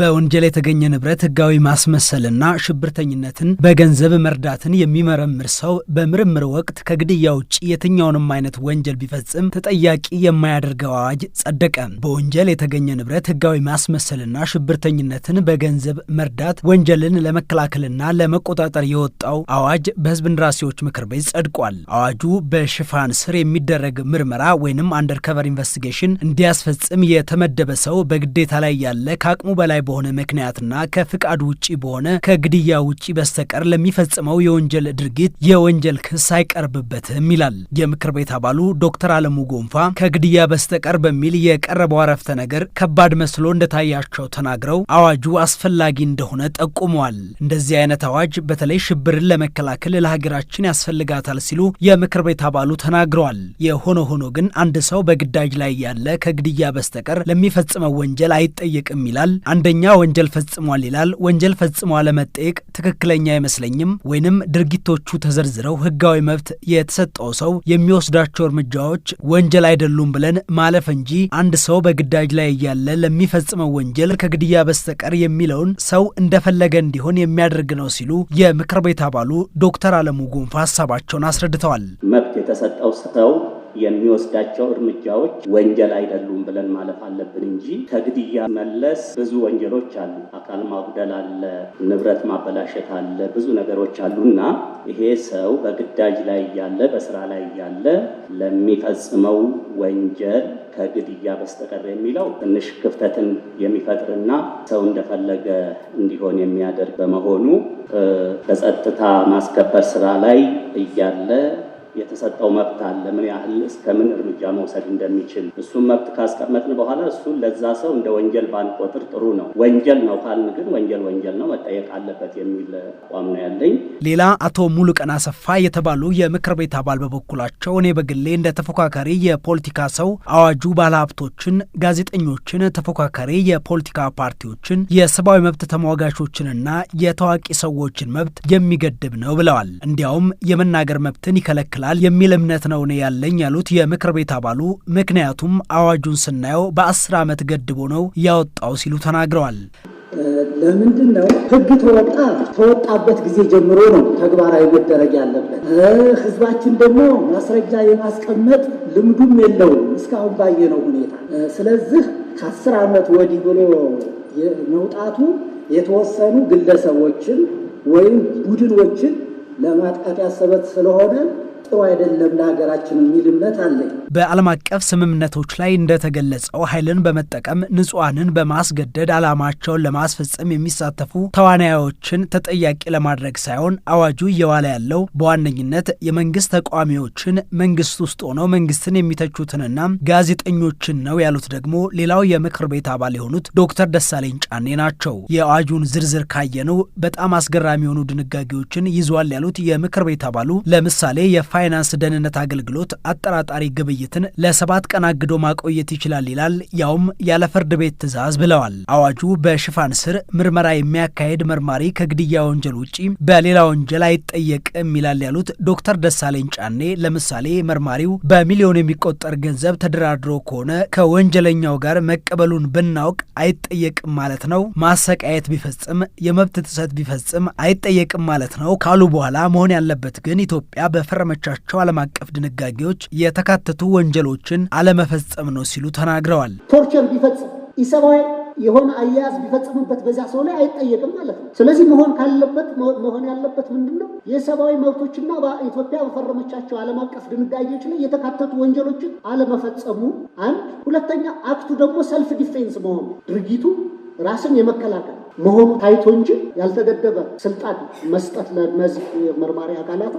በወንጀል የተገኘ ንብረት ህጋዊ ማስመሰልና ሽብርተኝነትን በገንዘብ መርዳትን የሚመረምር ሰው በምርምር ወቅት ከግድያ ውጭ የትኛውንም አይነት ወንጀል ቢፈጽም ተጠያቂ የማያደርገው አዋጅ ጸደቀ። በወንጀል የተገኘ ንብረት ህጋዊ ማስመሰልና ሽብርተኝነትን በገንዘብ መርዳት ወንጀልን ለመከላከልና ለመቆጣጠር የወጣው አዋጅ በህዝብ እንደራሴዎች ምክር ቤት ጸድቋል። አዋጁ በሽፋን ስር የሚደረግ ምርመራ ወይንም አንደር ከቨር ኢንቨስቲጌሽን እንዲያስፈጽም የተመደበ ሰው በግዴታ ላይ ያለ ከአቅሙ በላይ በሆነ ምክንያትና ከፍቃድ ውጪ በሆነ ከግድያ ውጪ በስተቀር ለሚፈጽመው የወንጀል ድርጊት የወንጀል ክስ አይቀርብበትም ይላል የምክር ቤት አባሉ ዶክተር አለሙ ጎንፋ። ከግድያ በስተቀር በሚል የቀረበው አረፍተ ነገር ከባድ መስሎ እንደታያቸው ተናግረው አዋጁ አስፈላጊ እንደሆነ ጠቁመዋል። እንደዚህ አይነት አዋጅ በተለይ ሽብርን ለመከላከል ለሀገራችን ያስፈልጋታል ሲሉ የምክር ቤት አባሉ ተናግረዋል። የሆነ ሆኖ ግን አንድ ሰው በግዳጅ ላይ ያለ ከግድያ በስተቀር ለሚፈጽመው ወንጀል አይጠየቅም ይላል አንደኛ ወንጀለኛ ወንጀል ፈጽሟል ይላል። ወንጀል ፈጽሞ አለመጠየቅ ትክክለኛ አይመስለኝም። ወይንም ድርጊቶቹ ተዘርዝረው ህጋዊ መብት የተሰጠው ሰው የሚወስዳቸው እርምጃዎች ወንጀል አይደሉም ብለን ማለፍ እንጂ አንድ ሰው በግዳጅ ላይ እያለ ለሚፈጽመው ወንጀል ከግድያ በስተቀር የሚለውን ሰው እንደፈለገ እንዲሆን የሚያደርግ ነው ሲሉ የምክር ቤት አባሉ ዶክተር አለሙ ጎንፋ ሀሳባቸውን አስረድተዋል። መብት የተሰጠው ሰው የሚወስዳቸው እርምጃዎች ወንጀል አይደሉም ብለን ማለፍ አለብን እንጂ ከግድያ መለስ ብዙ ወንጀሎች አሉ። አካል ማጉደል አለ፣ ንብረት ማበላሸት አለ፣ ብዙ ነገሮች አሉ እና ይሄ ሰው በግዳጅ ላይ እያለ በስራ ላይ እያለ ለሚፈጽመው ወንጀል ከግድያ በስተቀር የሚለው ትንሽ ክፍተትን የሚፈጥርና ሰው እንደፈለገ እንዲሆን የሚያደርግ በመሆኑ በጸጥታ ማስከበር ስራ ላይ እያለ የተሰጠው መብት አለ። ምን ያህል እስከምን እርምጃ መውሰድ እንደሚችል እሱን መብት ካስቀመጥን በኋላ እሱን ለዛ ሰው እንደ ወንጀል ባንቆጥር ጥሩ ነው። ወንጀል ነው ካልን ግን ወንጀል ወንጀል ነው መጠየቅ አለበት የሚል አቋም ነው ያለኝ። ሌላ አቶ ሙሉቀን አሰፋ የተባሉ የምክር ቤት አባል በበኩላቸው እኔ በግሌ እንደ ተፎካካሪ የፖለቲካ ሰው አዋጁ ባለሀብቶችን፣ ጋዜጠኞችን፣ ተፎካካሪ የፖለቲካ ፓርቲዎችን፣ የሰብአዊ መብት ተሟጋቾችንና የታዋቂ ሰዎችን መብት የሚገድብ ነው ብለዋል። እንዲያውም የመናገር መብትን ይከለክላል ይከላከላል የሚል እምነት ነው እኔ ያለኝ ያሉት የምክር ቤት አባሉ ምክንያቱም አዋጁን ስናየው በአስር ዓመት ገድቦ ነው ያወጣው ሲሉ ተናግረዋል። ለምንድን ነው ህግ ተወጣ ተወጣበት ጊዜ ጀምሮ ነው ተግባራዊ መደረግ ያለበት። ህዝባችን ደግሞ ማስረጃ የማስቀመጥ ልምዱም የለውም እስካሁን ባየነው ሁኔታ። ስለዚህ ከአስር ዓመት ወዲህ ብሎ መውጣቱ የተወሰኑ ግለሰቦችን ወይም ቡድኖችን ለማጥቃት ያሰበት ስለሆነ ጥሩ አይደለም ለሀገራችን የሚል እምነት አለኝ። በዓለም አቀፍ ስምምነቶች ላይ እንደተገለጸው ኃይልን በመጠቀም ንጹሐንን በማስገደድ ዓላማቸውን ለማስፈጸም የሚሳተፉ ተዋናዮችን ተጠያቂ ለማድረግ ሳይሆን አዋጁ እየዋለ ያለው በዋነኝነት የመንግስት ተቃዋሚዎችን፣ መንግስት ውስጥ ሆነው መንግስትን የሚተቹትንና ጋዜጠኞችን ነው ያሉት ደግሞ ሌላው የምክር ቤት አባል የሆኑት ዶክተር ደሳለኝ ጫኔ ናቸው። የአዋጁን ዝርዝር ካየነው በጣም አስገራሚ የሆኑ ድንጋጌዎችን ይዟል ያሉት የምክር ቤት አባሉ ለምሳሌ የፋ የፋይናንስ ደህንነት አገልግሎት አጠራጣሪ ግብይትን ለሰባት ቀን አግዶ ማቆየት ይችላል ይላል፣ ያውም ያለ ፍርድ ቤት ትዕዛዝ ብለዋል። አዋጁ በሽፋን ስር ምርመራ የሚያካሄድ መርማሪ ከግድያ ወንጀል ውጪ በሌላ ወንጀል አይጠየቅም ይላል ያሉት ዶክተር ደሳለኝ ጫኔ ለምሳሌ መርማሪው በሚሊዮን የሚቆጠር ገንዘብ ተደራድሮ ከሆነ ከወንጀለኛው ጋር መቀበሉን ብናውቅ አይጠየቅም ማለት ነው። ማሰቃየት ቢፈጽም የመብት ጥሰት ቢፈጽም አይጠየቅም ማለት ነው ካሉ በኋላ መሆን ያለበት ግን ኢትዮጵያ በፈረመቻ ባወጣቻቸው ዓለም አቀፍ ድንጋጌዎች የተካተቱ ወንጀሎችን አለመፈጸም ነው ሲሉ ተናግረዋል። ቶርቸር ቢፈጽም ኢሰብአዊ የሆነ አያያዝ ቢፈጽምበት በዚያ ሰው ላይ አይጠየቅም ማለት ነው። ስለዚህ መሆን ካለበት መሆን ያለበት ምንድን ነው? የሰብአዊ መብቶችና በኢትዮጵያ በፈረመቻቸው ዓለም አቀፍ ድንጋጌዎች ላይ የተካተቱ ወንጀሎችን አለመፈጸሙ አንድ፣ ሁለተኛ አክቱ ደግሞ ሰልፍ ዲፌንስ መሆኑ ድርጊቱ ራስን የመከላከል መሆኑ ታይቶ እንጂ ያልተገደበ ስልጣን መስጠት ለእነዚህ መርማሪ አካላት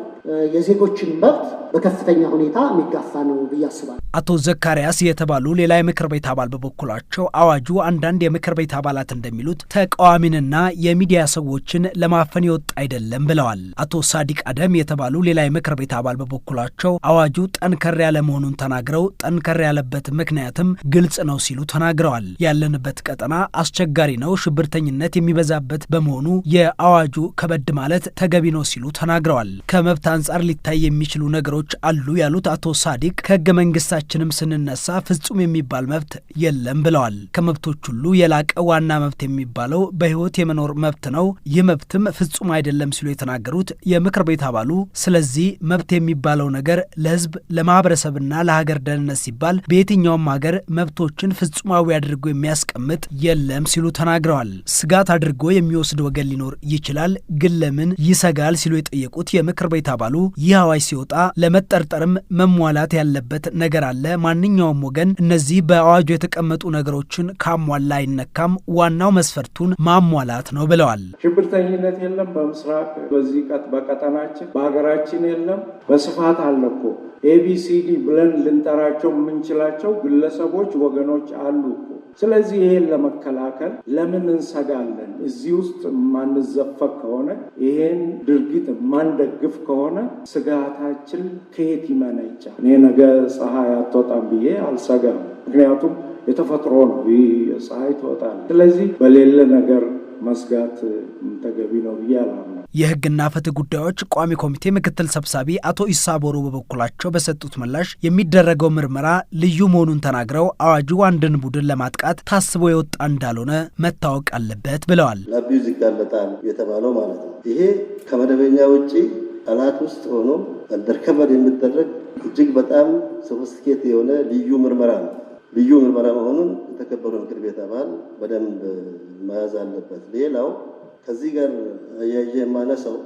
የዜጎችን መብት በከፍተኛ ሁኔታ የሚጋፋ ነው ብዬ አስባለሁ። አቶ ዘካሪያስ የተባሉ ሌላ የምክር ቤት አባል በበኩላቸው አዋጁ አንዳንድ የምክር ቤት አባላት እንደሚሉት ተቃዋሚንና የሚዲያ ሰዎችን ለማፈን የወጣ አይደለም ብለዋል። አቶ ሳዲቅ አደም የተባሉ ሌላ የምክር ቤት አባል በበኩላቸው አዋጁ ጠንከር ያለ መሆኑን ተናግረው ጠንከር ያለበት ምክንያትም ግልጽ ነው ሲሉ ተናግረዋል። ያለንበት ቀጠና አስቸጋሪ ነው፣ ሽብርተኝነት ሂደት የሚበዛበት በመሆኑ የአዋጁ ከበድ ማለት ተገቢ ነው ሲሉ ተናግረዋል። ከመብት አንጻር ሊታይ የሚችሉ ነገሮች አሉ ያሉት አቶ ሳዲቅ ከህገ መንግስታችንም ስንነሳ ፍጹም የሚባል መብት የለም ብለዋል። ከመብቶች ሁሉ የላቀ ዋና መብት የሚባለው በህይወት የመኖር መብት ነው። ይህ መብትም ፍጹም አይደለም ሲሉ የተናገሩት የምክር ቤት አባሉ ስለዚህ መብት የሚባለው ነገር ለህዝብ ለማህበረሰብና ለሀገር ደህንነት ሲባል በየትኛውም ሀገር መብቶችን ፍጹማዊ አድርጎ የሚያስቀምጥ የለም ሲሉ ተናግረዋል። ስጋት አድርጎ የሚወስድ ወገን ሊኖር ይችላል፣ ግን ለምን ይሰጋል ሲሉ የጠየቁት የምክር ቤት አባሉ ይህ አዋጅ ሲወጣ ለመጠርጠርም መሟላት ያለበት ነገር አለ። ማንኛውም ወገን እነዚህ በአዋጁ የተቀመጡ ነገሮችን ካሟላ አይነካም። ዋናው መስፈርቱን ማሟላት ነው ብለዋል። ሽብርተኝነት የለም በምስራቅ በዚህ በቀጠናችን በሀገራችን የለም በስፋት አለ እኮ ኤቢሲዲ ብለን ልንጠራቸው የምንችላቸው ግለሰቦች፣ ወገኖች አሉ እኮ ስለዚህ ይሄን ለመከላከል ለምን እንሰጋለን? እዚህ ውስጥ የማንዘፈቅ ከሆነ ይሄን ድርጊት የማንደግፍ ከሆነ ስጋታችን ከየት ይመነጫል? እኔ ነገ ፀሐይ አትወጣም ብዬ አልሰጋም። ምክንያቱም የተፈጥሮ ነው። ፀሐይ ትወጣል። ስለዚህ በሌለ ነገር መስጋት ተገቢ ነው ብዬ አላምነ የህግና ፍትህ ጉዳዮች ቋሚ ኮሚቴ ምክትል ሰብሳቢ አቶ ኢሳ ቦሮ በበኩላቸው በሰጡት ምላሽ የሚደረገው ምርመራ ልዩ መሆኑን ተናግረው አዋጁ አንድን ቡድን ለማጥቃት ታስቦ የወጣ እንዳልሆነ መታወቅ አለበት ብለዋል። ለአቢዩዝ ይጋለጣል የተባለው ማለት ነው። ይሄ ከመደበኛ ውጭ አላት ውስጥ ሆኖ አንደርከቨር የሚደረግ እጅግ በጣም ሶፊስቲኬት የሆነ ልዩ ምርመራ ነው። ልዩ ምርመራ መሆኑን የተከበሩ ምክር ቤት አባል በደንብ መያዝ አለበት። ሌላው ከዚህ ጋር ያየ የማነሳው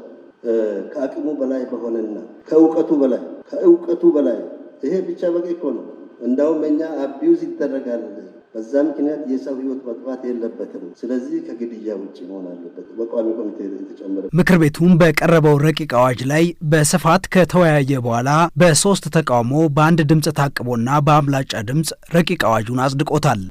ከአቅሙ በላይ በሆነና ከእውቀቱ በላይ ከእውቀቱ በላይ ይሄ ብቻ በቂ እኮ ነው። እንዳውም እኛ አቢዩዝ ይደረጋል። በዛ ምክንያት የሰው ህይወት መጥፋት የለበትም። ስለዚህ ከግድያ ውጭ መሆን አለበት በቋሚ ኮሚቴ የተጨመረ። ምክር ቤቱም በቀረበው ረቂቅ አዋጅ ላይ በስፋት ከተወያየ በኋላ በሶስት ተቃውሞ በአንድ ድምፅ ታቅቦና በአብላጫ ድምፅ ረቂቅ አዋጁን አጽድቆታል።